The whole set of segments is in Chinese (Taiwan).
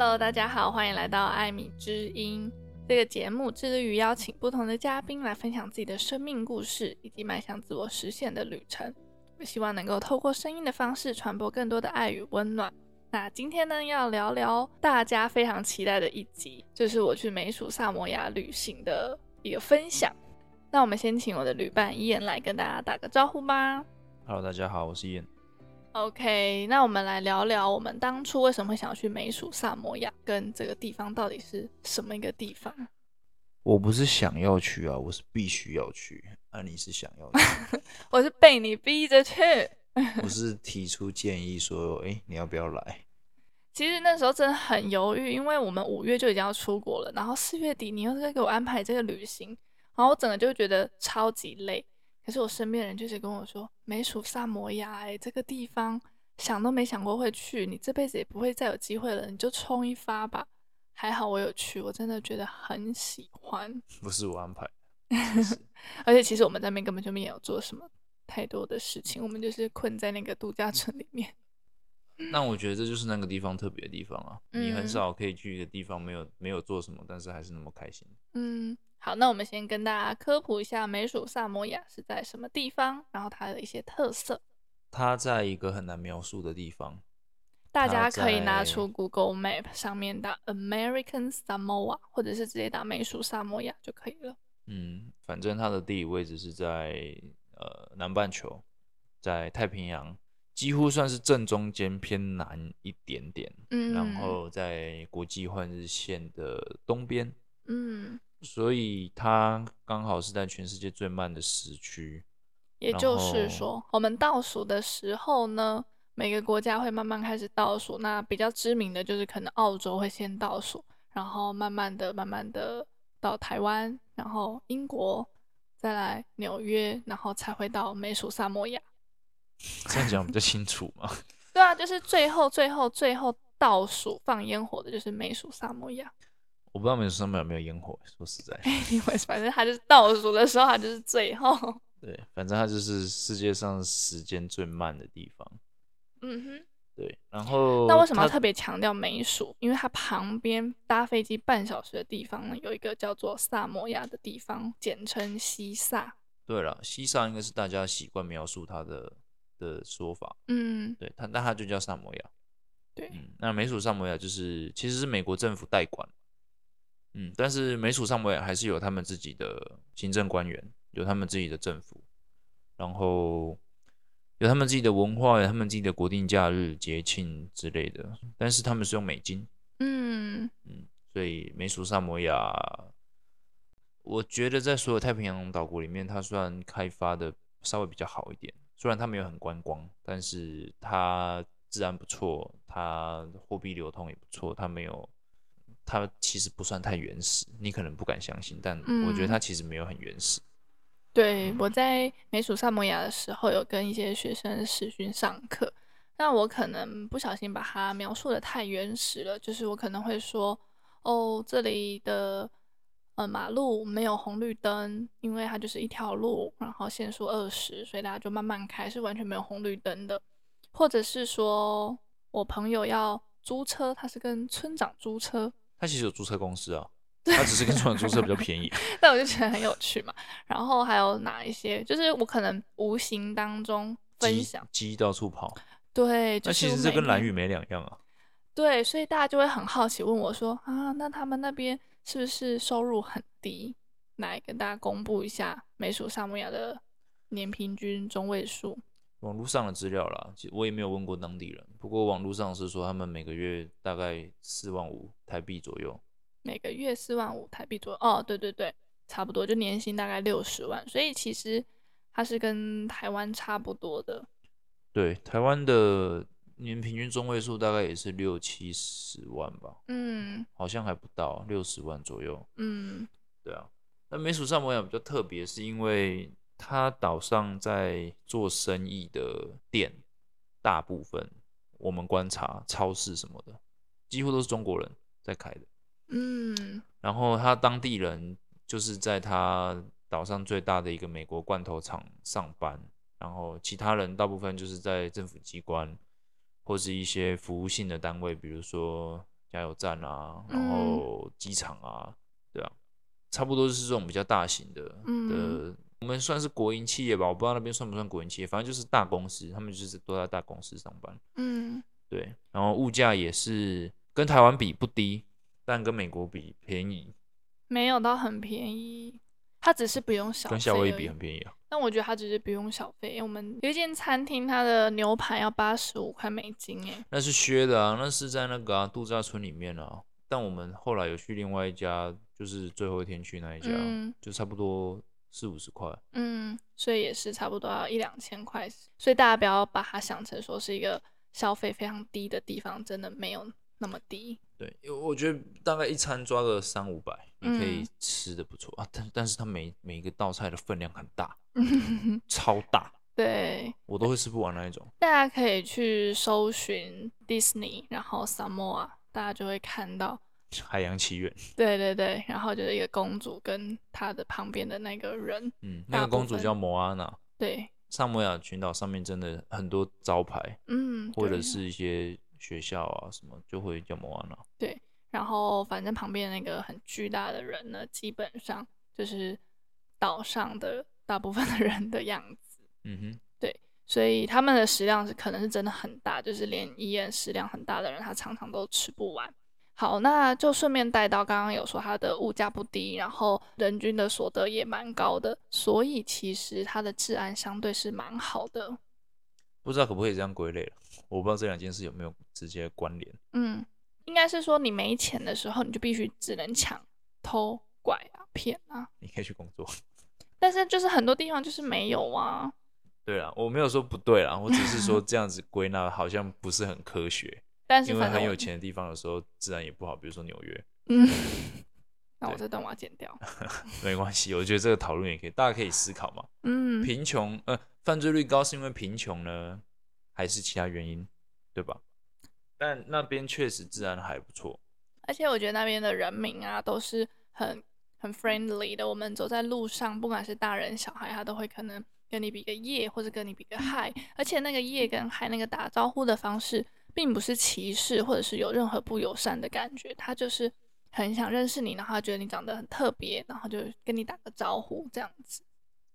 Hello，大家好，歡迎來到艾米之音這個節目，致力於邀請不同的嘉賓來分享自己的生命故事以及邁向自我實現的旅程。我希望能夠透過聲音的方式傳播更多的愛與溫暖。那今天呢，要聊聊大家非常期待的一集，就是我去美屬薩摩亞旅行的一個分享。那我們先請我的旅伴 Ian 來跟大家打個招呼吧。Hello，大家好，我是 Ian。OK，那我們來聊聊我們當初為什麼會想要去美屬薩摩亞，跟這個地方到底是什麼一個地方？我不是想要去啊，我是必須要去。那、啊、你是想要去？ 我是被你逼着去。 我是提出建議說，哎、欸，你要不要來？其實那時候真的很猶豫，因為我們五月就已經要出國了，然後四月底你又是在給我安排這個旅行，然後我整個就覺得超級累。可是我身邊人就是跟我說，美屬薩摩亞哎、欸，這個地方想都沒想過會去，你這輩子也不會再有機會了，你就衝一發吧。還好我有去，我真的覺得很喜歡。不是我安排， 而且其實我們在那邊根本就沒有做什麼太多的事情，我們就是困在那個度假村裡面。那我覺得這就是那個地方特別的地方啊，你很少可以去一個地方沒有沒有做什麼，但是還是那麼開心。嗯。好，那我們先跟大家科普一下美屬薩摩亞是在什麼地方，然後它的一些特色。它在一個很難描述的地方，大家可以拿出 Google Map 上面打 American Samoa，或者是直接打美屬薩摩亞就可以了。嗯，反正它的地理位置是在呃南半球，在太平洋，幾乎算是正中間偏南一點點，嗯，然後在國際換日線的東邊。嗯。所以它剛好是在全世界最慢的時區，也就是說，我們倒數的時候呢，每個國家會慢慢開始倒數。那比較知名的就是，可能澳洲會先倒數，然後慢慢的、慢慢的到台灣，然後英國，再來紐約，然後才會到美屬薩摩亞。這樣講不就清楚嗎？ 對啊，就是最後、最後、最後倒數放煙火的，就是美屬薩摩亞。我不知道美屬上面有沒有煙火，說實在，哎， 因為反正它就是倒數的時候，它就是最後。對，反正它就是世界上時間最慢的地方。嗯哼，對。然後，那為什麼要特別強調美屬？因為它旁邊搭飛機半小時的地方呢，有一個叫做薩摩亞的地方，簡稱西薩。對了，西薩應該是大家習慣描述它的的說法。嗯對它，那它就叫薩摩亞。對，對，嗯，那美屬薩摩亞就是，其實是美國政府代管。嗯，但是美屬薩摩亞還是有他們自己的行政官員，有他們自己的政府，然後有他們自己的文化，有他們自己的國定假日、節慶之類的。但是他們是用美金，嗯，嗯，所以美屬薩摩亞，我覺得在所有太平洋島國裡面，它雖然開發的稍微比較好一點，雖然它沒有很觀光，但是它治安不錯，它貨幣流通也不錯，它沒有。它其實不算太原始，你可能不敢相信，但我覺得它其實沒有很原始。嗯、對，我在美屬薩摩亞的時候，有跟一些學生視訊上課，那我可能不小心把它描述的太原始了，就是我可能會說：“哦，這裡的呃馬路沒有紅綠燈，因為它就是一條路，然後限速二十，所以大家就慢慢開，是完全沒有紅綠燈的。”或者是說我朋友要租車，他是跟村長租車。他其實有租車公司啊，他 只是跟傳統租車比較便宜。 但我就覺得很有趣嘛。然後還有哪一些， 就是我可能無形當中分享雞到處跑。對，就是、那其實這跟蘭嶼沒兩樣啊。對，所以大家就會很好奇問我說啊，那他們那邊是不是收入很低？來跟大家公布一下，美屬薩摩亞的年平均中位數。網絡上的資料啦，其我也沒有問過當地人。不過網絡上是說他們每個月大概四萬五台幣左右，每個月四萬五台幣左右，哦，對對對，差不多，就年薪大概六十萬，所以其實它是跟台灣差不多的。對，台灣的年平均中位數大概也是六七十萬吧。嗯，好像還不到啊，六十萬左右。嗯，對啊。那美屬薩摩亞比較特別，是因為他島上在做生意的店，大部分我們觀察超市什麼的，幾乎都是中國人在開的。嗯。然後他當地人就是在他島上最大的一個美國罐頭廠上班，然後其他人大部分就是在政府機關或是一些服務性的單位，比如說加油站啊，然後機場啊，嗯。對啊，啊，差不多是這種比較大型的，嗯。的我們算是國營企業吧，我不知道那邊算不算國營企業，反正就是大公司，他們就是都在大公司上班。嗯，對。然後物價也是跟台灣比不低，但跟美國比便宜。沒有到很便宜。它只是不用小費，跟夏威夷比很便宜啊。但我覺得它只是不用小費。因為我們有一間餐廳，它的牛排要八十五塊美金誒、欸。那是削的啊，那是在那個啊度假村裡面啊。但我們後來有去另外一家，就是最後一天去那一家，嗯、就差不多。四五十塊，嗯，所以也是差不多要一兩千塊，所以大家不要把它想成說是一個消費非常低的地方，真的沒有那麼低。對，我我覺得大概一餐抓個三五百，你可以吃的不錯、嗯、啊，但但是它每每一個道菜的分量很大， 超大。 對，我都會吃不完那一種。大家可以去搜尋 Disney，然後 Samoa，大家就會看到，海洋奇緣，對對對，然後就是一個公主跟她的旁邊的那個人，嗯，那個公主叫莫阿娜，對，薩摩亞群島上面真的很多招牌，嗯，或者是一些學校啊什麼就會叫莫阿娜，對，然後反正旁邊那個很巨大的人呢，基本上就是島上的大部分的人的樣子，嗯哼，對，所以他們的食量是可能是真的很大，就是連醫院食量很大的人，他常常都吃不完。好，那就順便帶到，剛剛有說它的物價不低，然後人均的所得也蠻高的，所以其實它的治安相對是蠻好的。不知道可不可以這樣歸類了？我不知道這兩件事有沒有直接關聯。嗯，應該是說你沒錢的時候，你就必須只能搶、偷、拐啊、騙啊。你可以去工作，但是就是很多地方就是沒有啊。對啊，我沒有說不對啊，我只是說這樣子歸納好像不是很科學。 但是，因為很有錢的地方，有時候治安也不好，比如說紐約。嗯，那我這段我要剪掉。 沒關係，我覺得這個討論也可以，大家可以思考嘛。嗯，貧窮呃，犯罪率高是因為貧窮呢，還是其他原因？對吧？但那邊確實治安還不錯。而且我覺得那邊的人民啊，都是很很 friendly 的，我們走在路上，不管是大人小孩，他都會可能跟你比個耶，或者跟你比個嗨、嗯，而且那個耶跟嗨那個打招呼的方式，並不是歧視，或者是有任何不友善的感覺，他就是很想認識你，然後覺得你長得很特別，然後就跟你打個招呼這樣子。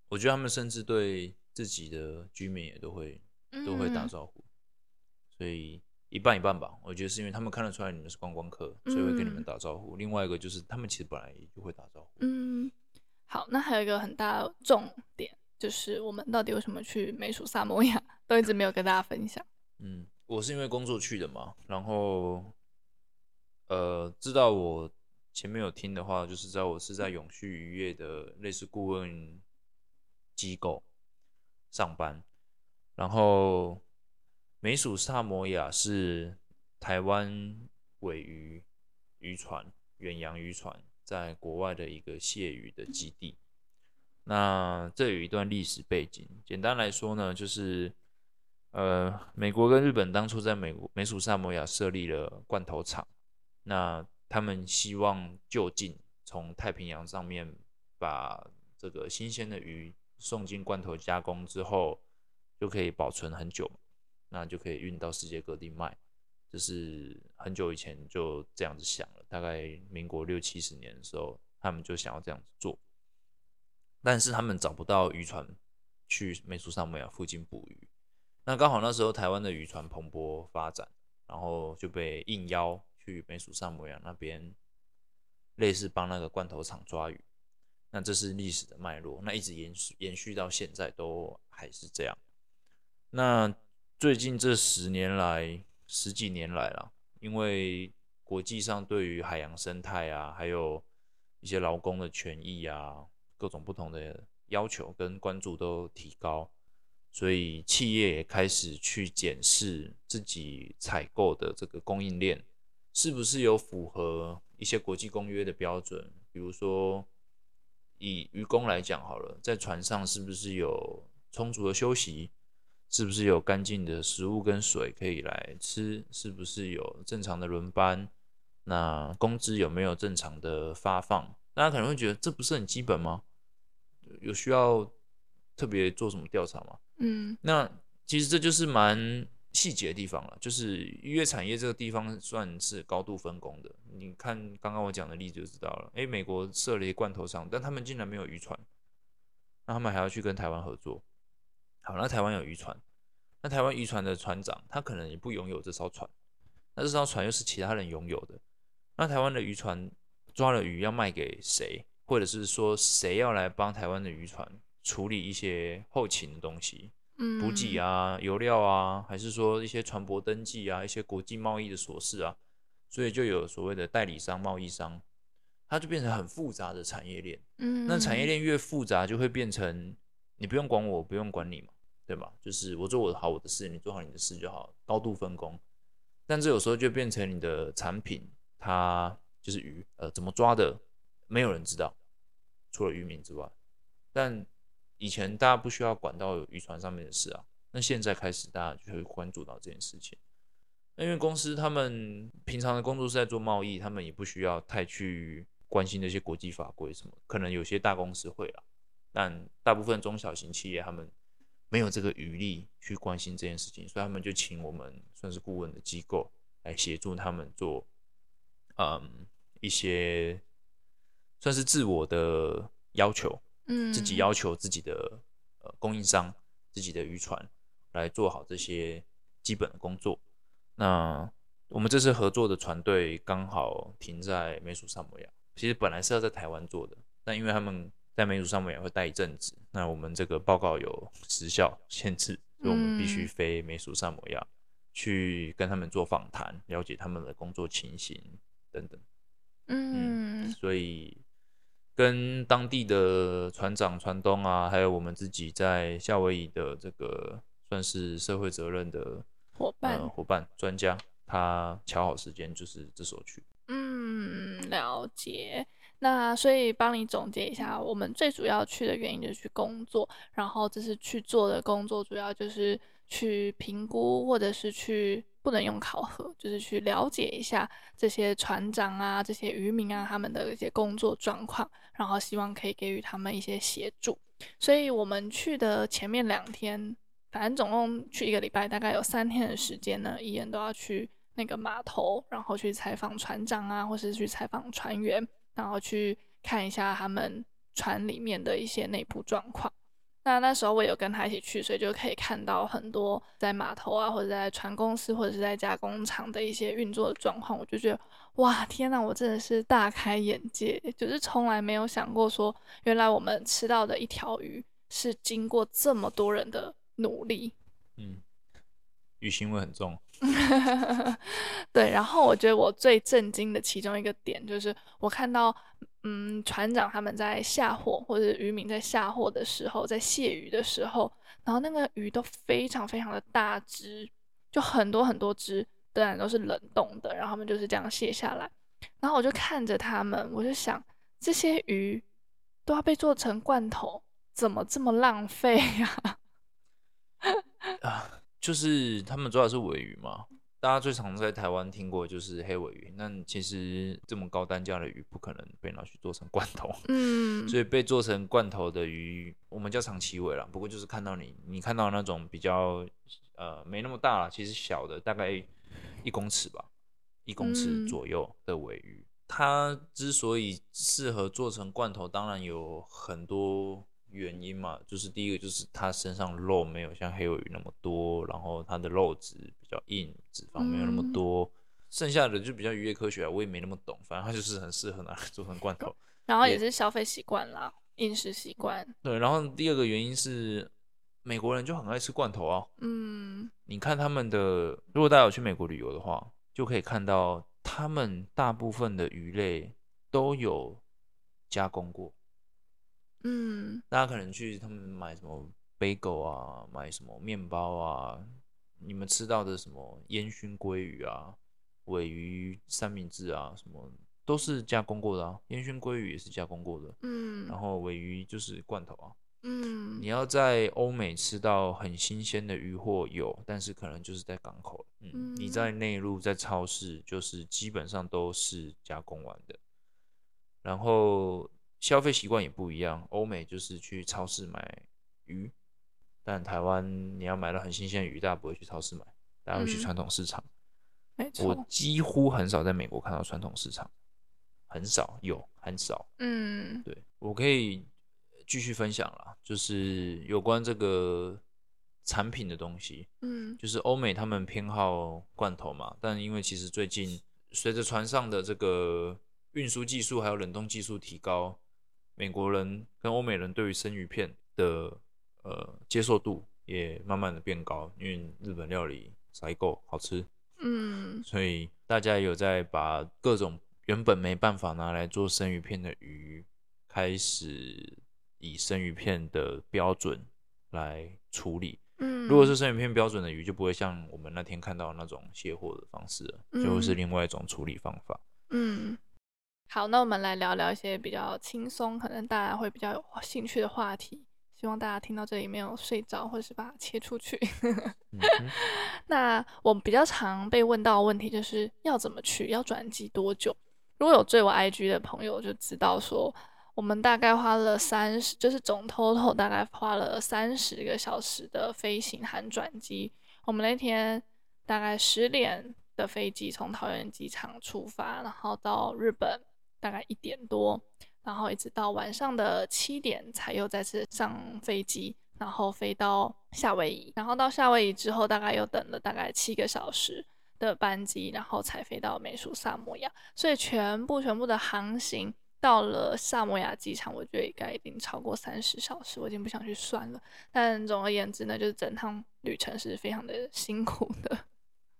我覺得他們甚至對自己的居民也都會都會打招呼、嗯，所以一半一半吧。我覺得是因為他們看得出來你們是觀光客，所以會跟你們打招呼。嗯、另外一個就是他們其實本來也就會打招呼。嗯，好，那還有一個很大重點就是我們到底為什麼去美屬薩摩亞都一直沒有跟大家分享。嗯。我是因為工作去的嘛，然後，呃，知道我前面有聽的話，就是在我是在永續漁業的類似顧問機構上班，然後美屬薩摩亞是台灣鮪魚漁船遠洋漁船在國外的一個卸魚的基地，那這有一段歷史背景，簡單來說呢，就是。呃，美國跟日本當初在美國美屬薩摩亞設立了罐頭廠，那他們希望就近從太平洋上面把這個新鮮的魚送進罐頭加工之後，就可以保存很久，那就可以運到世界各地賣。就是很久以前就這樣子想了，大概民國六七十年的時候，他們就想要這樣子做，但是他們找不到漁船去美屬薩摩亞附近捕魚。那剛好那時候台灣的漁船蓬勃發展，然後就被應邀去美屬薩摩亞那邊，類似幫那個罐頭廠抓魚。那這是歷史的脈絡，那一直延續延續到現在都還是這樣。那最近這十年來，十幾年來了，因為國際上對於海洋生態啊，還有一些勞工的權益啊，各種不同的要求跟關注都提高。所以企業也開始去檢視自己採購的這個供應鏈，是不是有符合一些國際公約的標準？比如說，以漁工來講，好了，在船上是不是有充足的休息？是不是有乾淨的食物跟水可以來吃？是不是有正常的輪班？那工資有沒有正常的發放？大家可能會覺得這不是很基本嗎？有需要特別做什麼調查嗎？嗯，那其實這就是蠻細節的地方了，就是漁業產業這個地方算是高度分工的。你看剛剛我講的例子就知道了，誒、欸，美國設了一罐頭廠，但他們竟然沒有漁船，那他們還要去跟台灣合作。好，那台灣有漁船，那台灣漁船的船長他可能也不擁有這艘船，那這艘船又是其他人擁有的。那台灣的漁船抓了魚要賣給誰，或者是說誰要來幫台灣的漁船？處理一些後勤的東西，嗯，補給啊、油料啊，還是說一些船舶登記啊、一些國際貿易的瑣事啊，所以就有所謂的代理商、貿易商，它就變成很複雜的產業鏈。嗯，那產業鏈越複雜，就會變成你不用管我，我不用管你嘛，對吧？就是我做我的好我的事，你做好你的事就好，高度分工。但這有時候就變成你的產品，它就是魚，呃，怎麼抓的，沒有人知道，除了漁民之外，但。以前大家不需要管到漁船上面的事啊，那現在開始大家就會關注到這件事情。因為公司他們平常的工作是在做貿易，他們也不需要太去關心那些國際法規什麼，可能有些大公司會啦，但大部分中小型企業他們沒有這個餘力去關心這件事情，所以他們就請我們算是顧問的機構來協助他們做，嗯，一些算是自我的要求。嗯，自己要求自己的呃供應商、自己的漁船來做好這些基本的工作。那我們這次合作的船隊剛好停在美屬薩摩亞，其實本來是要在台灣做的，但因為他們在美屬薩摩亞會待一陣子，那我們這個報告有時效限制，所以我們必須飛美屬薩摩亞去跟他們做訪談，了解他們的工作情形等等。嗯，所以。跟當地的船長、船東啊，還有我們自己在夏威夷的這個算是社會責任的夥伴、呃、夥伴專家，他喬好時間就是這所去。嗯，了解。那所以幫你總結一下，我們最主要去的原因就是去工作，然後這是去做的工作，主要就是去評估或者是去。不能用考核，就是去了解一下這些船長啊、這些漁民啊，他們的一些工作狀況，然後希望可以給予他們一些協助。所以我們去的前面兩天，反正總共去一個禮拜，大概有三天的時間呢，一人都要去那個碼頭，然後去採訪船長啊，或是去採訪船員，然後去看一下他們船裡面的一些內部狀況。那那時候我有跟他一起去，所以就可以看到很多在碼頭啊，或者在船公司，或者是在加工廠的一些運作的狀況。我就覺得，哇，天哪，我真的是大開眼界，就是從來沒有想過說，原來我們吃到的一條魚是經過這麼多人的努力。嗯，魚腥味很重。 對，然後我覺得我最震驚的其中一個點就是，我看到。嗯，船長他們在下貨，或者漁民在下貨的時候，在卸魚的時候，然後那個魚都非常非常的大只，就很多很多只，當然都是冷凍的，然後他們就是這樣卸下來，然後我就看着他們，我就想這些魚都要被做成罐頭，怎麼這麼浪費呀、啊？ 啊，就是他們抓的是鮪魚嗎？大家最常在台灣聽過就是黑鮪魚，那其實這麼高單價的魚不可能被拿去做成罐頭，嗯，所以被做成罐頭的魚，我們叫長鰭鮪啦。不過就是看到你，你看到那種比較，呃，沒那麼大啦，其實小的大概一公尺吧，一公尺左右的鮪魚，嗯，它之所以適合做成罐頭，當然有很多。原因嘛，就是第一個就是它身上肉沒有像黑鮪魚那麼多，然後它的肉質比較硬，脂肪沒有那麼多，嗯、剩下的就比較漁業科學啊，我也沒那麼懂，反正它就是很適合拿來做成罐頭，嗯。然後也是消費習慣啦，飲食習慣。對，然後第二個原因是美國人就很愛吃罐頭啊，嗯，你看他們的，如果大家有去美國旅遊的話，就可以看到他們大部分的魚類都有加工過。嗯，大家可能去他們買什麼 BAGEL 啊，買什麼麵包啊，你們吃到的什麼煙燻鮭魚啊、鮪魚三明治啊，什麼都是加工過的啊。煙燻鮭魚也是加工過的，嗯。然後鮪魚就是罐頭啊，嗯。你要在歐美吃到很新鮮的魚貨有，但是可能就是在港口。嗯，嗯，你在內陸，在超市就是基本上都是加工完的，然後。消費習慣也不一樣，歐美就是去超市買魚，但台灣你要買到很新鮮的魚，大家不會去超市買，大家會去傳統市場。嗯，沒錯。我幾乎很少在美國看到傳統市場，很少，有，很少。嗯，對，我可以繼續分享啦，就是有關這個產品的東西。嗯，就是歐美他們偏好罐頭嘛，但因為其實最近隨着船上的這個運輸技術還有冷凍技術提高。美國人跟歐美人對於生魚片的呃接受度也慢慢的變高，因為日本料理才夠好吃，嗯，所以大家有在把各種原本沒辦法拿來做生魚片的魚，開始以生魚片的標準來處理，嗯，如果是生魚片標準的魚，就不會像我們那天看到那種卸貨的方式了，就會是另外一種處理方法，嗯。嗯。好，那我們來聊聊一些比較輕鬆，可能大家會比較有興趣的話題。希望大家聽到這裡沒有睡着，或者是把它切出去。 mm -hmm. 那我比較常被問到的問題就是要怎麼去，要轉機多久？如果有追我 IG 的朋友就知道說，我們大概花了三十，就是總 total 大概花了三十個小時的飛行和轉機。我們那天大概十點的飛機從桃園機場出發，然後到日本。大概一點多，然後一直到晚上的七點才又再次上飛機，然後飛到夏威夷，然後到夏威夷之後大概又等了大概七個小時的班機，然後才飛到美屬薩摩亞，所以全部全部的航行到了薩摩亞機場，我覺得應該已經超過三十小時，我已經不想去算了。但總而言之呢，就是整趟旅程是非常的辛苦的。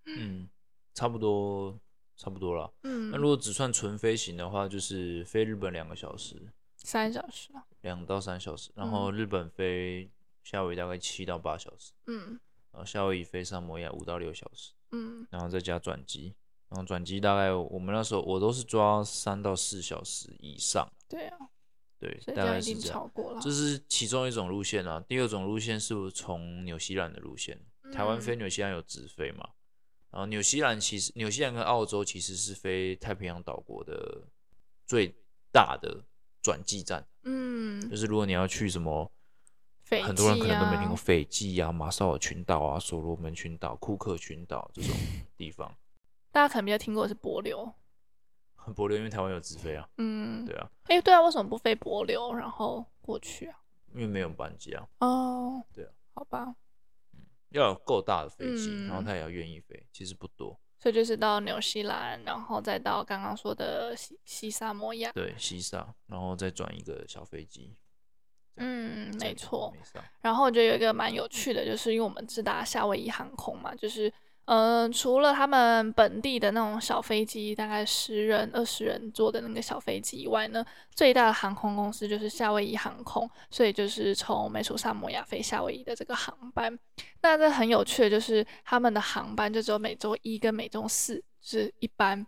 嗯，差不多。差不多了，嗯，那如果只算純飛行的話，就是飛日本兩個小時，三小時、啊，兩到三小時、嗯，然後日本飛夏威夷大概七到八小時，嗯，然後夏威夷飛薩摩亞五到六小時，嗯，然後再加轉機，然後轉機大概我，我們那時候我都是抓三到四小時以上，對啊，對，大概是超過了，是這、就是其中一種路線啊，第二種路線是不是從紐西蘭的路線，台灣飛紐西蘭有直飛嗎？嗯嗯啊，紐西蘭其實，紐西蘭跟澳洲其實是飛太平洋島國的最大的轉機站。嗯，就是如果你要去什麼，斐啊、很多人可能都沒聽過斐濟啊、馬紹爾群島啊、所羅門群島、庫克群島這種地方。大家可能比較聽過是帛琉。很帛琉，因為台灣有直飛啊。嗯，對啊。哎、欸，對啊，為什麼不飛帛琉，然後過去啊？因為沒有班機啊。哦。對啊。好吧。要有夠大的飛機，然後他也要願意飛，嗯，其實不多。所以就是到紐西蘭，然後再到剛剛說的西西薩摩亞，對，西薩，然後再轉一個小飛機。嗯，沒錯。然後我覺得有一個蠻有趣的，就是因為我們直達夏威夷航空嘛，就是。嗯、呃，除了他們本地的那種小飛機，大概十人、二十人坐的那個小飛機以外呢，最大的航空公司就是夏威夷航空，所以就是從美屬薩摩亞飛夏威夷的這個航班。那這很有趣的就是，他們的航班就只有每週一跟每週四是一班，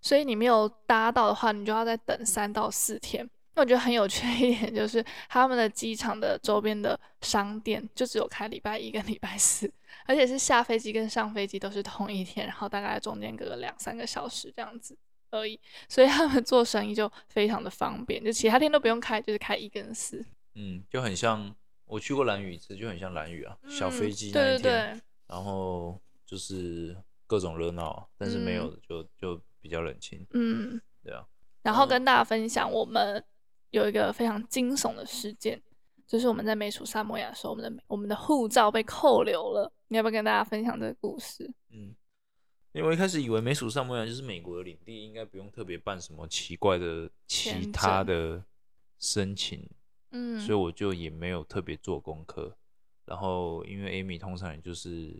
所以你沒有搭到的話，你就要再等三到四天。那我覺得很有趣一點就是他們的機場的周邊的商店就只有開禮拜一跟禮拜四，而且是下飛機跟上飛機都是同一天，然後大概中間隔了兩三個小時這樣子而已，所以他們做生意就非常的方便，就其他天都不用開，就是開一跟四。嗯，就很像我去過蘭嶼一次，就很像蘭嶼啊、嗯，小飛機那一天，對對對，然後就是各種熱鬧、啊，但是沒有就、嗯、就比較冷清。嗯，對啊。然後跟大家分享我們。有一個非常驚悚的事件，就是我們在美屬薩摩亞的時候，我們的我們的護照被扣留了。你要不要跟大家分享這個故事？嗯，因為我一開始以為美屬薩摩亞就是美國的領地，應該不用特別辦什麼奇怪的其他的申請，嗯，所以我就也沒有特別做功課，嗯。然後因為艾米通常也就是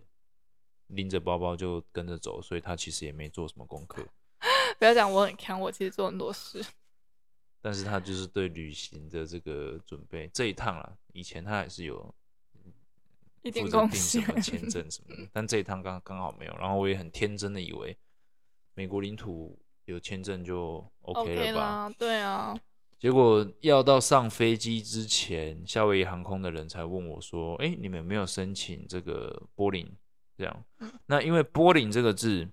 拎着包包就跟着走，所以她其實也沒做什麼功課。 不要講我很強，我其實做很多事。但是他就是對旅行的這個準備這一趟啦，以前他還是有負責訂機票、簽證什麼的，但這一趟剛剛好沒有。然後我也很天真的以為美國領土有簽證就 OK 了吧？對啊。結果要到上飛機之前，夏威夷航空的人才問我說：“哎，你們有沒有申請這個柏林？”這樣，那因為“柏林”這個字，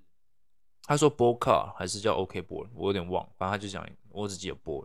他說 “board car” 還是叫 “OK board”，我有點忘，反正他就講，我自己有 board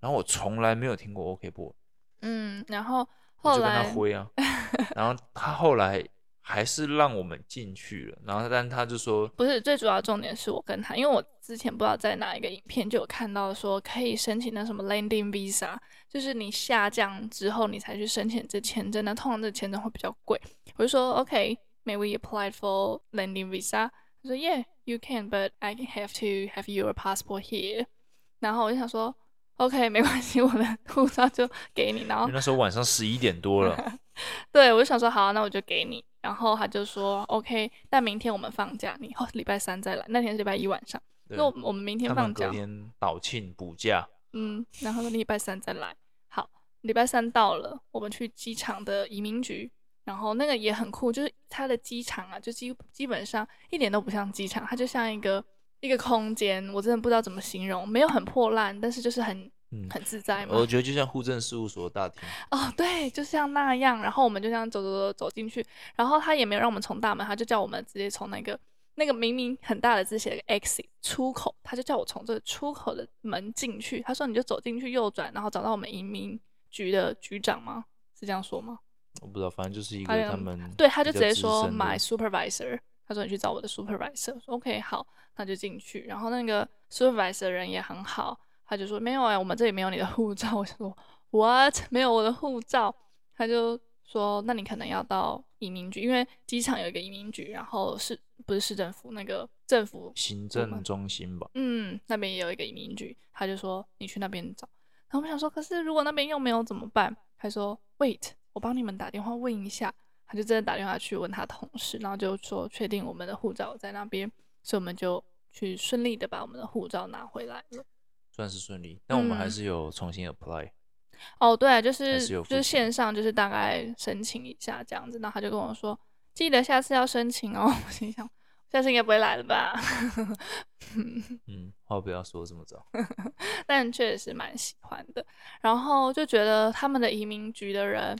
然後我從來沒有聽過 OK 不，嗯，然後後來就跟他揮啊， 然後他後來還是讓我們進去了。然後，但他就說，不是最主要重點是我跟他，因為我之前不知道在哪一個影片，就有看到說可以申請那什麼 landing visa，就是你下降之後你才去申請這簽證，那通常這簽證會比較貴。我就說 OK，may we apply for landing visa？他說 Yeah，you can，but I have to have your passport here。然後我就想說。OK，沒關係，我的護照就給你。然後那時候晚上十一點多了， 對我就想說好、啊，那我就給你。然後他就說 OK，那明天我們放假，你後、哦、禮拜三再來。那天是禮拜一晚上，對那我們明天放假，今天島慶補假。嗯，然後說你禮拜三再來。好，禮拜三到了，我們去機場的移民局，然後那個也很酷，就是它的機場啊，就基基本上一點都不像機場，它就像一個。一個空間，我真的不知道怎麼形容，沒有很破爛，但是就是很、嗯、很自在嘛。我覺得就像戶政事務所大廳。哦，對，就像那樣。然後我們就這樣走走走走進去，然後他也沒有讓我們從大門，他就叫我們直接從那個那個明明很大的字寫了個 exit 出口，他就叫我從這個出口的門進去。他說你就走進去右轉，然後找到我們移民局的局長嗎？是這樣說嗎？我不知道，反正就是一個他們、哎呃、對，他就直接說直 my supervisor。他說：“你去找我的 supervisor，我說 OK 好，那就進去。然後那個 supervisor 人也很好，他就說沒有哎、欸，我們這裡沒有你的護照。我說 What？沒有我的護照？他就說那你可能要到移民局，因為機場有一個移民局，然後是不是市政府那個政府行政中心吧？嗯，那邊也有一個移民局。他就說你去那邊找。然後我想說，可是如果那邊又沒有怎麼辦？他說 Wait，我幫你們打電話問一下。”他就真的打電話去問他同事，然後就說確定我們的護照在那邊，所以我們就去順利的把我們的護照拿回來了。算是順利，但我們還是有重新 apply，嗯。哦，對，就是就是線上就是大概申請一下這樣子，然後他就跟我說，記得下次要申請哦。我心想，下次應該不會來了吧？ 嗯，話不要說這麼早。 但確實蠻喜歡的，然後就覺得他們的移民局的人。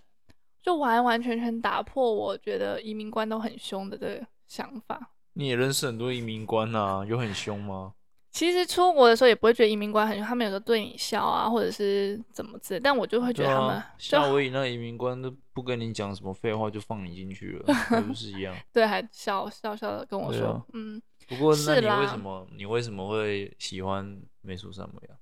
就完完全全打破我覺得移民官都很凶的這個想法。你也認識很多移民官啊，有很凶嗎？其實出國的時候也不會覺得移民官很凶，他們有時候對你笑啊，或者是怎麼子，但我就會覺得他們笑。那我以那移民官都不跟你講什麼廢話，就放你進去了， 不是一樣？對，還笑笑笑的跟我說，啊，嗯。不過那你為什麼你為什麼會喜歡美屬薩摩亞？我呀，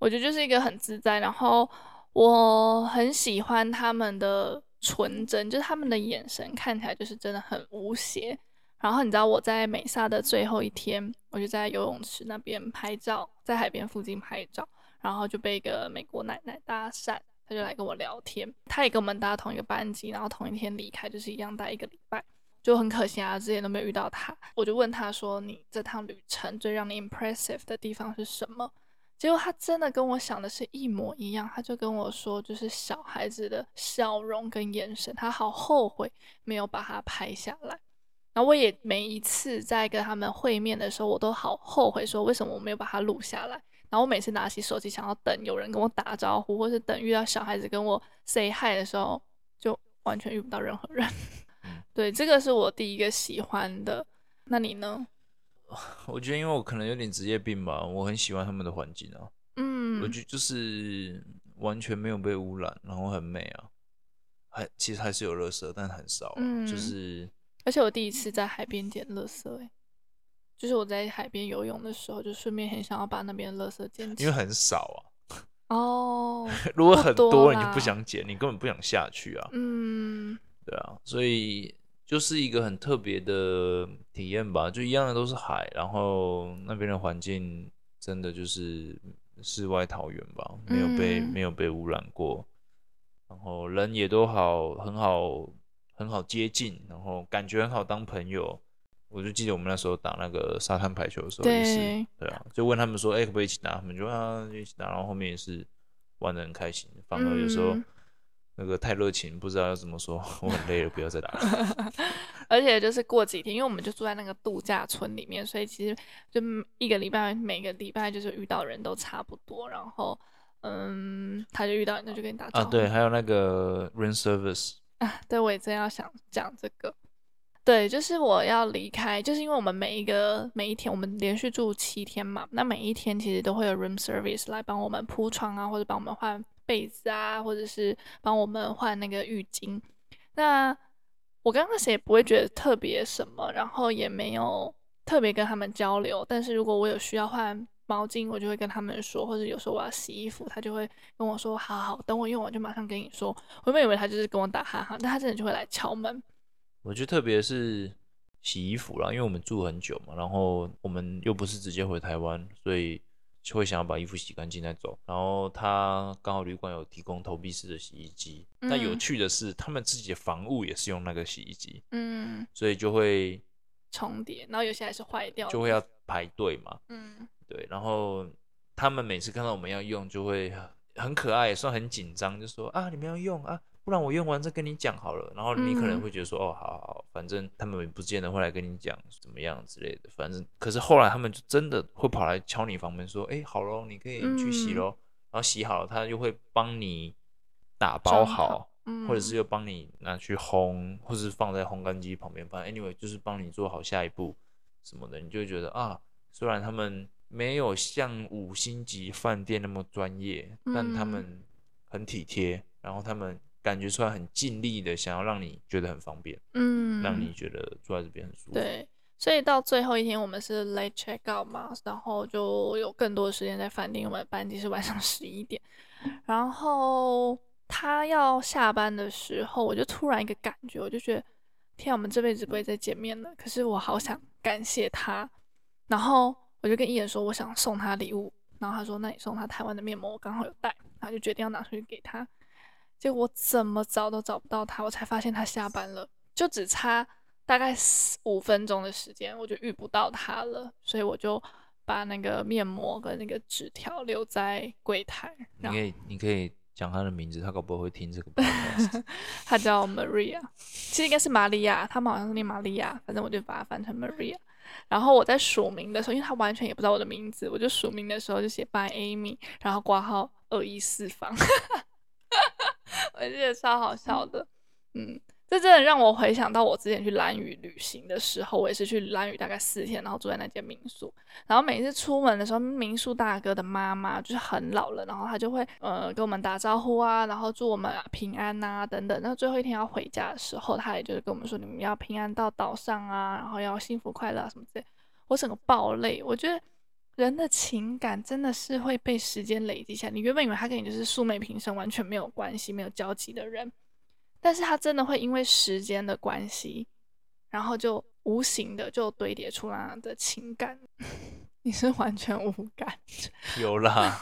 我覺得就是一個很自在，然後。我很喜歡他們的純真，就是他們的眼神看起來就是真的很無邪。然後你知道我在美薩的最後一天，我就在游泳池那邊拍照，在海邊附近拍照，然後就被一個美國奶奶搭訕，她就來跟我聊天。她也跟我們搭同一個班機，然後同一天離開，就是一樣待一個禮拜，就很可惜啊，之前都沒有遇到她。我就問她說：“你這趟旅程最讓你 impressive 的地方是什麼？”結果他真的跟我想的是一模一樣，他就跟我說，就是小孩子的笑容跟眼神，他好後悔沒有把它拍下來。然後我也每一次在跟他們會面的時候，我都好後悔，說為什麼我沒有把它錄下來。然後我每次拿起手機，想要等有人跟我打招呼，或是等遇到小孩子跟我 say hi 的時候，就完全遇不到任何人。對，這個是我第一個喜歡的。那你呢？我覺得，因為我可能有點職業病吧，我很喜歡他們的環境啊。嗯，我覺得就是完全沒有被污染，然後很美啊。還其實還是有垃圾，但很少啊。嗯，就是。而且我第一次在海邊撿垃圾欸，就是我在海邊游泳的時候，就順便很想要把那邊的垃圾撿起來。因為很少啊。哦。 如果很多，你就不想撿，你根本不想下去啊。嗯。對啊，所以。就是一個很特別的體驗吧，就一樣的都是海，然後那邊的環境真的就是世外桃源吧，沒有被沒有被污染過，嗯、然後人也都好很好很好接近，然後感覺很好當朋友。我就記得我們那時候打那個沙灘排球的時候也、就是對，對啊，就問他們說，哎、欸，可不可以一起打？他們說啊，一起打。然後後面也是玩得很開心，反而有時候。嗯那個太熱情，不知道要怎麼說，我很累了，不要再打了。 而且就是過幾天，因為我們就住在那個度假村裡面，所以其實就一個禮拜，每個禮拜就是遇到人都差不多。然後，嗯，他就遇到，那就，就跟你打招呼。啊，對，還有那個 room service 啊，對，我也正要想講這個。對，就是我要離開，就是因為我們每一個每一天，我們連續住七天嘛，那每一天其實都會有 room service 來幫我們鋪床啊，或者幫我們換。被子啊，或者是幫我們換那個浴巾。那我剛開始也不會覺得特別什麼，然後也沒有特別跟他們交流。但是如果我有需要換毛巾，我就會跟他們說，或者有時候我要洗衣服，他就會跟我說：“好好，等我用完就馬上跟你說。”我原本以為他就是跟我打哈哈，但他真的就會來敲門。我覺得特別是洗衣服啦，因為我們住很久嘛，然後我們又不是直接回台灣，所以。就會想要把衣服洗乾淨再走，然後他剛好旅館有提供投幣式的洗衣機，那、嗯、有趣的是他們自己的房屋也是用那個洗衣機，嗯，所以就會重疊，然後有些還是壞掉，就會要排隊嘛，嗯，對，然後他們每次看到我們要用，就會很可愛，也算很緊張，就說啊你們要用啊。不然我用完再跟你講好了，然後你可能會覺得說、嗯、哦，好好，反正他們不見得會來跟你講怎麼樣之類的。反正，可是後來他們就真的會跑來敲你房門說，哎、欸，好咯，你可以去洗咯、嗯。然後洗好了，他就會幫你打包好，好嗯、或者是又幫你拿去烘，或是放在烘乾機旁邊。放。anyway，就是幫你做好下一步什麼的。你就覺得啊，雖然他們沒有像五星級飯店那麼專業，但他們很體貼，然後他們。感覺出來很盡力的，想要讓你覺得很方便，嗯，讓你覺得住在這邊很舒服。對，所以到最後一天，我們是 late check out 嘛，然後就有更多的時間在飯店。我們的班機是晚上十一點，然後他要下班的時候，我就突然一個感覺，我就覺得天啊，我們這輩子不會再見面了。可是我好想感謝他，然後我就跟 Ian 說，我想送他禮物，然後他說，那你送他台灣的面膜，我剛好有帶，然後就決定要拿出去給他。結果我怎麼找都找不到他，我才發現他下班了，就只差大概四五分鐘的時間，我就遇不到他了。所以我就把那個面膜跟那個紙條留在櫃檯。你可以，你可以講他的名字，他可不會聽這個。 他叫我 Maria，其實應該是瑪利亞，他們好像是念瑪利亞，反正我就把它翻成 Maria。然後我在署名的時候，因為他完全也不知道我的名字，我就署名的時候就寫 by Amy，然後括號二一四房。 我覺得超好笑的。嗯，嗯，這真的讓我回想到我之前去蘭嶼旅行的時候，我也是去蘭嶼大概四天，然後住在那間民宿，然後每一次出門的時候，民宿大哥的媽媽就是很老了，然後他就會呃跟我們打招呼啊，然後祝我們平安吶、啊、等等。那最後一天要回家的時候，他也就是跟我們說你們要平安到島上啊，然後要幸福快樂、啊、什麼之類。我整個爆淚，我覺得。人的情感真的是會被時間累積下來，你原本以為他跟你就是素昧平生、完全沒有關係、沒有交集的人，但是他真的會因為時間的關係，然後就無形的就堆疊出來的情感。 你是完全無感？有啦，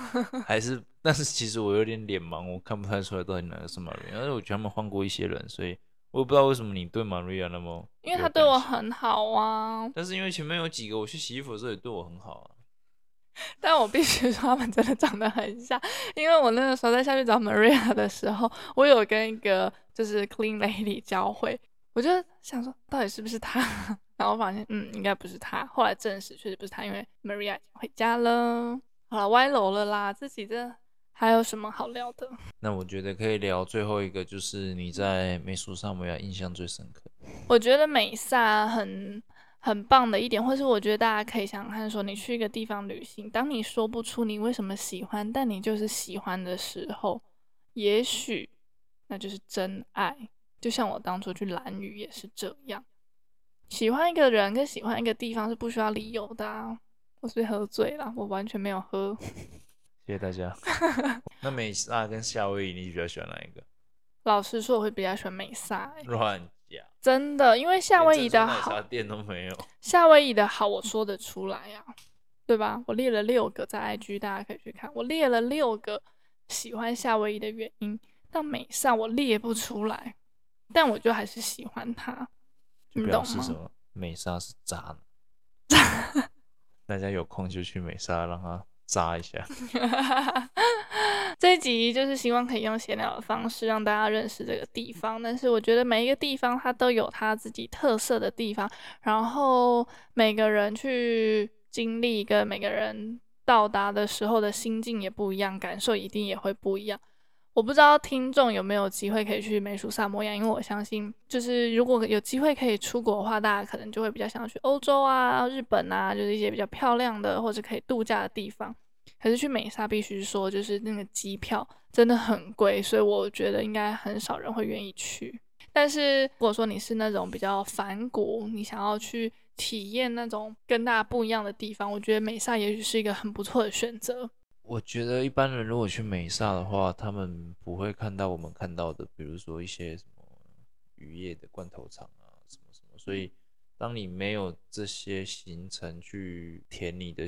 還是？但是其實我有點臉盲，我看不太出來到底哪個是瑪麗亞。但是我覺得他們換過一些人，所以我也不知道為什麼你對瑪麗亞那麼。因為他對我很好啊。但是因為前面有幾個我去洗衣服的時候也對我很好啊。但我必須說，他們真的長得很像，因為我那個時候在下去找 Maria 的時候，我有跟一個就是 Clean Lady 交會，我就想說到底是不是他，然後我發現嗯應該不是他，後來證實確實不是他，因為 Maria 回家了，好了，歪樓了啦，自己這還有什麼好聊的？那我覺得可以聊最後一個，就是你在美薩上有沒有印象最深刻？我覺得美薩很。很棒的一點，或是我覺得大家可以想，想看說，你去一個地方旅行，當你說不出你為什麼喜歡，但你就是喜歡的時候，也許那就是真愛。就像我當初去蘭嶼也是這樣，喜歡一個人跟喜歡一個地方是不需要理由的、啊。我是不是喝醉了，我完全沒有喝。謝謝大家。 那美薩跟夏威夷，你比較喜歡哪一個？老實說，我會比較喜歡美薩、欸。真的，因為夏威夷的好，店都沒有。夏威夷的好，我說得出來呀、啊，對吧？我列了六個在 IG，大家可以去看。我列了六個喜歡夏威夷的原因，但美薩我列不出來，但我就還是喜歡他。你懂嗎？美薩是渣， 大家有空就去美薩，讓他渣一下。 這一集就是希望可以用閒聊的方式讓大家認識這個地方，但是我覺得每一個地方它都有它自己特色的地方，然後每個人去經歷跟每個人到達的時候的心境也不一樣，感受一定也會不一樣。我不知道聽眾有沒有機會可以去美屬薩摩亞，因為我相信就是如果有機會可以出國的話，大家可能就會比較想要去歐洲啊、日本啊，就是一些比較漂亮的或者可以度假的地方。可是去美薩，必須說就是那個機票真的很貴，所以我覺得應該很少人會願意去。但是如果說你是那種比較反骨，你想要去體驗那種跟大家不一樣的地方，我覺得美薩也許是一個很不錯的選擇。我覺得一般人如果去美薩的話，他們不會看到我們看到的，比如說一些什麼漁業的罐頭廠啊，什麼什麼。所以，當你沒有這些行程去填你的。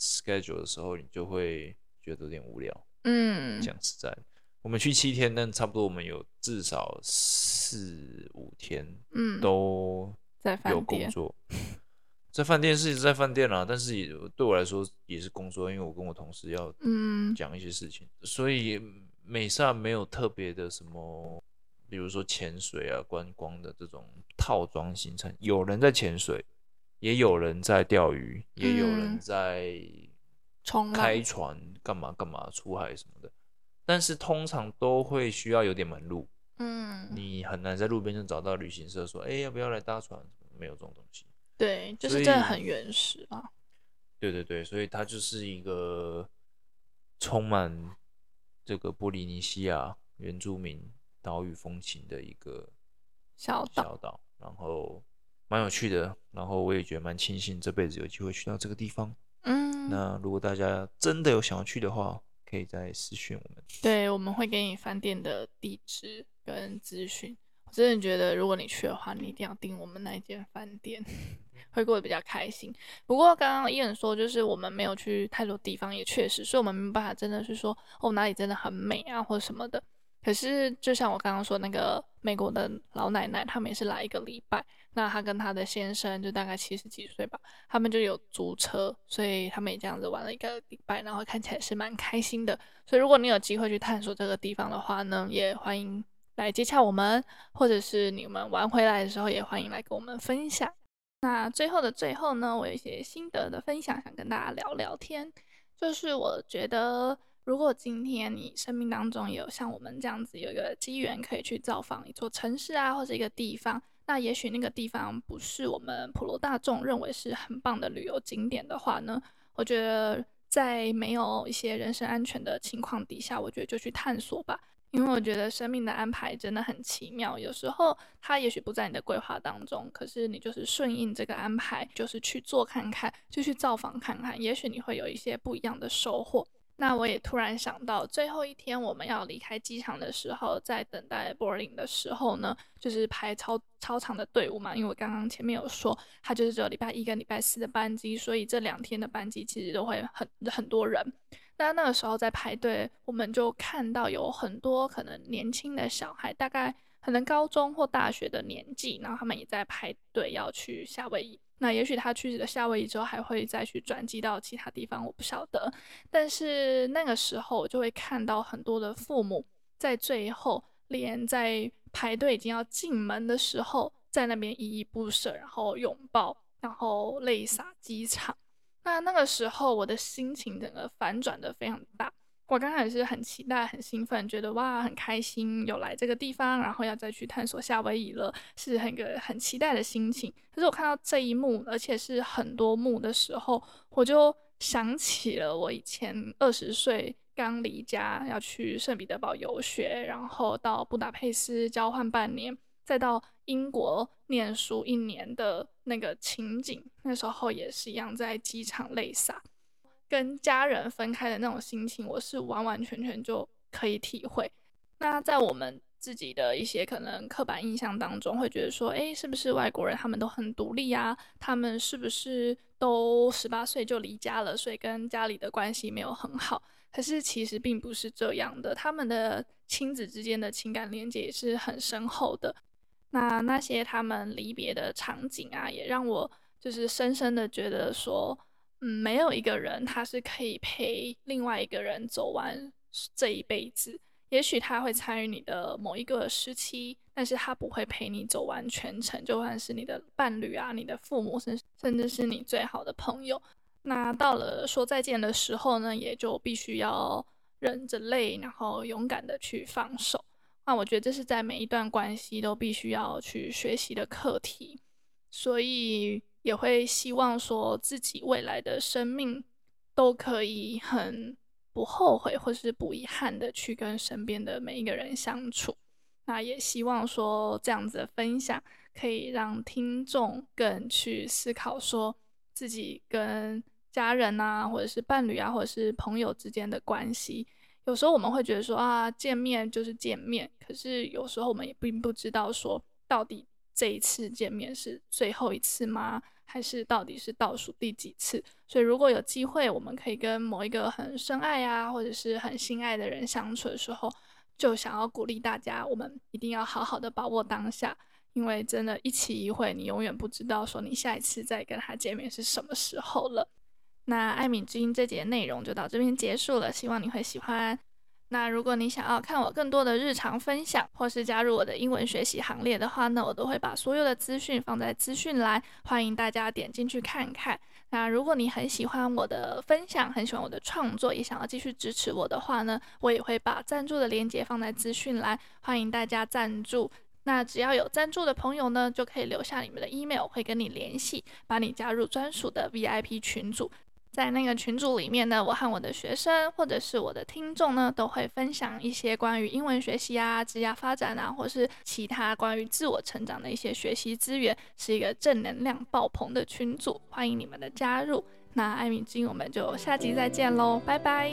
schedule 的時候，你就會覺得有點無聊。嗯，講實在的，我們去七天，但差不多我們有至少四五天，嗯，都在有工作。嗯、在飯店， 在飯店是，在飯店啊，但是也對我來說也是工作，因為我跟我同事要嗯講一些事情。嗯、所以美薩沒有特別的什麼，比如說潛水啊、觀光的這種套裝行程。有人在潛水。也有人在釣魚、嗯，也有人在開船，幹嘛幹嘛出海什麼的。但是通常都會需要有點門路，嗯，你很難在路邊就找到旅行社說，哎、欸，要不要來搭船？沒有這種東西。對，就是真的很原始啊。對對對，所以它就是一個充滿這個波利尼西亞原住民島嶼風情的一個小島，然後。蠻有趣的，然後我也覺得蠻慶幸這輩子有機會去到這個地方。嗯，那如果大家真的有想要去的話，可以再私訊我們。對，我們會給你飯店的地址跟資訊。我真的覺得，如果你去的話，你一定要訂我們那一間飯店， 會過得比較開心。不過剛剛 Ian 說，就是我們沒有去太多地方，也確實，所以我們沒辦法真的是說哦哪裡真的很美啊，或者什麼的。可是就像我剛剛說，那個美國的老奶奶，他們也是來一個禮拜。那她跟她的先生就大概七十幾歲吧，他們就有租車，所以他們也這樣子玩了一個禮拜，然後看起來是蠻開心的。所以如果你有機會去探索這個地方的話呢，也歡迎來接洽我們，或者是你們玩回來的時候，也歡迎來跟我們分享。嗯。那最後的最後呢，我有一些心得的分享，想跟大家聊聊天。就是我覺得，如果今天你生命當中有像我們這樣子有一個機緣，可以去造訪一座城市啊，或者一個地方。那也許那個地方不是我們普羅大眾認為是很棒的旅遊景點的話呢，我覺得在沒有一些人身安全的情況底下，我覺得就去探索吧。因為我覺得生命的安排真的很奇妙，有時候它也許不在你的規劃當中，可是你就是順應這個安排，就是去做看看，就去造訪看看，也許你會有一些不一樣的收穫。那我也突然想到，最後一天我們要離開機場的時候，在等待 boarding 的時候呢，就是排超超長的隊伍嘛。因為我剛剛前面有說，它就是只有禮拜一跟禮拜四的班機，所以這兩天的班機其實都會很很多人。那那個時候在排隊，我們就看到有很多可能年輕的小孩，大概，可能高中或大學的年紀，然後他們也在排隊要去夏威夷。那也許他去了夏威夷之後，還會再去轉機到其他地方，我不曉得。但是那個時候我就會看到很多的父母，在最後連在排隊已經要進門的時候，在那邊依依不舍，然後擁抱，然後淚灑機場。那那個時候我的心情整個反轉的非常大。我剛開始是很期待、很興奮，覺得哇，很開心有來這個地方，然後要再去探索夏威夷了，是很個很期待的心情。可是我看到這一幕，而且是很多幕的時候，我就想起了我以前二十歲剛離家要去聖彼得堡遊學，然後到布達佩斯交換半年，再到英國念書一年的那個情景。那時候也是一樣在機場淚灑。跟家人分開的那種心情，我是完完全全就可以體會。那在我們自己的一些可能刻板印象當中，會覺得說，哎、欸，是不是外國人他們都很獨立啊？他們是不是都十八歲就離家了，所以跟家裡的關係沒有很好？可是其實並不是這樣的，他們的親子之間的情感連接也是很深厚的。那那些他們離別的場景啊，也讓我就是深深的覺得說，嗯，沒有一個人他是可以陪另外一個人走完這一輩子。也許他會參與你的某一個時期，但是他不會陪你走完全程。就算是你的伴侶啊，你的父母，甚甚至是你最好的朋友，那到了說再見的時候呢，也就必須要忍着淚，然後勇敢的去放手。那我覺得這是在每一段關係都必須要去學習的課題。所以。也會希望說自己未來的生命都可以很不後悔，或是不遺憾的去跟身邊的每一個人相處。那也希望說這樣子的分享可以讓聽眾更去思考說自己跟家人吶、啊，或者是伴侶啊，或者是朋友之間的關係。有時候我們會覺得說啊，見面就是見面，可是有時候我們也並不知道說到底，這一次見面是最後一次嗎？還是到底是倒數第幾次？所以如果有機會，我們可以跟某一個很深愛呀、啊，或者是很心愛的人相處的時候，就想要鼓勵大家，我們一定要好好的把握當下，因為真的，一期一會，你永遠不知道說你下一次再跟他見面是什麼時候了。那艾米之音這節內容就到這邊結束了，希望你會喜歡。那如果你想要看我更多的日常分享，或是加入我的英文學習行列的話呢，我都會把所有的資訊放在資訊欄，歡迎大家點進去看看。那如果你很喜歡我的分享，很喜歡我的創作，也想要繼續支持我的話呢，我也會把贊助的鏈接放在資訊欄，歡迎大家贊助。那只要有贊助的朋友呢，就可以留下你們的 email，會跟你聯繫，把你加入專屬的 VIP 群組。在那個群組裡面呢，我和我的學生或者是我的聽眾呢，都會分享一些關於英文學習啊、職業啊、發展啊，或是其他關於自我成長的一些學習資源，是一個正能量爆棚的群組，歡迎你們的加入。那艾米金，我們就下集再見嘍，拜拜。